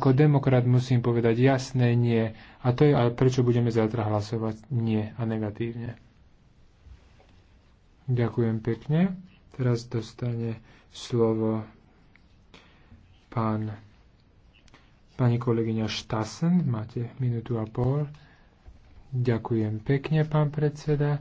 Ako demokrat musím povedať jasné nie. A to je ale prečo budeme zajtra hlasovať nie a negatívne. Ďakujem pekne. Teraz dostane slovo pán, pani kolegyňa Štasen. Máte minútu a pol. Ďakujem pekne, pán predseda.